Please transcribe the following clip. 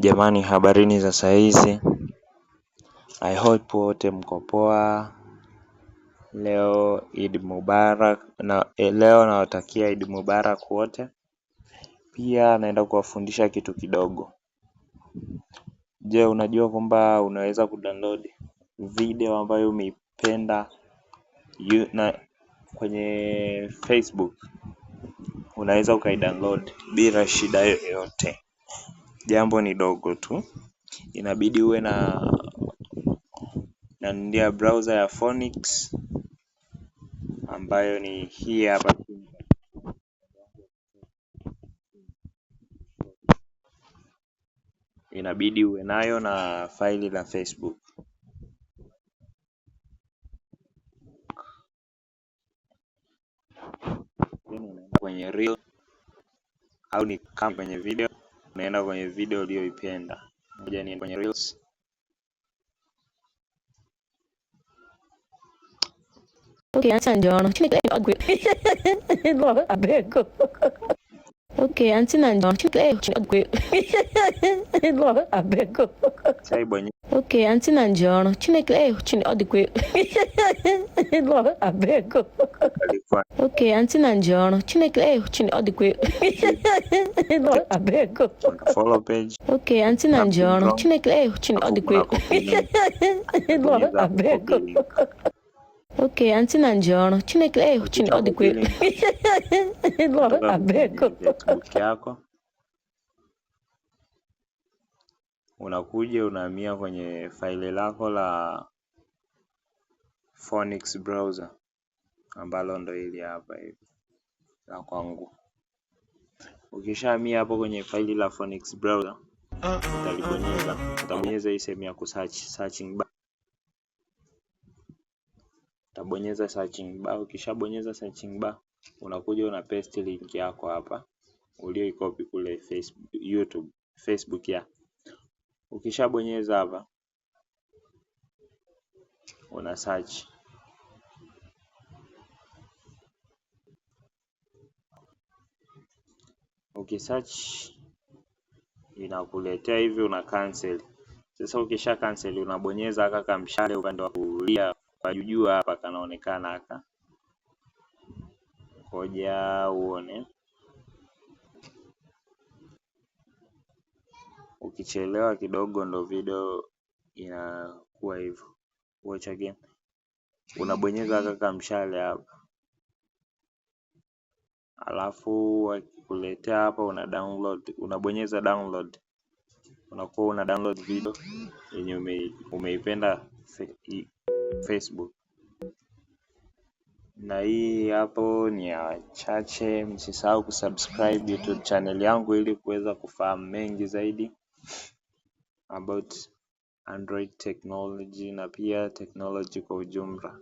Jamani, habarini za saa hizi? I hope wote mko poa. Leo Eid Mubarak, na e, leo nawatakia Eid Mubarak wote. Pia naenda kuwafundisha kitu kidogo. Je, unajua kwamba unaweza kudownload video ambayo umeipenda na kwenye Facebook? Unaweza ukaidownload bila shida yoyote jambo ni dogo tu. Inabidi uwe na nandia browser ya Phoenix ambayo ni hii hapa. Inabidi uwe nayo na faili la Facebook. Kwenye reel au ni kama kwenye video unaenda kwenye video uliyoipenda. moja ni kwenye reels. Okay, acha njono. Chini kwa group. Lo, abego. ok ti Okay, auntie Nando, play Lord, I beg you. Okay, auntie Nando, Chineke eh Chine odikwe. Lord, I beg you. Okay, auntie Nando, Chineke eh Chine odikwe. Lord, I beg you. Follow page. Okay, auntie Nando, Chineke eh Chine odikwe. Lord, I beg you. Ok, Okay, Auntie chine kile eh, chine odi kwe lora na beko. Mke yako unakuja unahamia kwenye faili lako la Phoenix browser ambalo ndo hili hapa hivi la kwangu. Ukishahamia hapo kwenye faili la Phoenix browser ah, ah, utalibonyeza, ah, utabonyeza hii sehemu ya kusearch searching bar utabonyeza searching bar. Ukishabonyeza searching bar, unakuja una paste link yako hapa uliyoikopi kule Facebook, YouTube, Facebook ya. Ukishabonyeza hapa una search Ukisearch inakuletea hivi una cancel. Sasa ukisha cancel unabonyeza aka kamshale upande wa kulia kwa hapa kanaonekana haka. Ngoja uone. Ukichelewa kidogo ndo video inakuwa hivyo. Watch again. Unabonyeza haka kamshale hapa. Alafu wakikuletea hapa una download, unabonyeza download. Unakuwa una download video yenye umeipenda. Facebook. Na hii hapo ni ya chache, msisahau kusubscribe YouTube channel yangu ili kuweza kufahamu mengi zaidi about Android technology na pia technology kwa ujumla.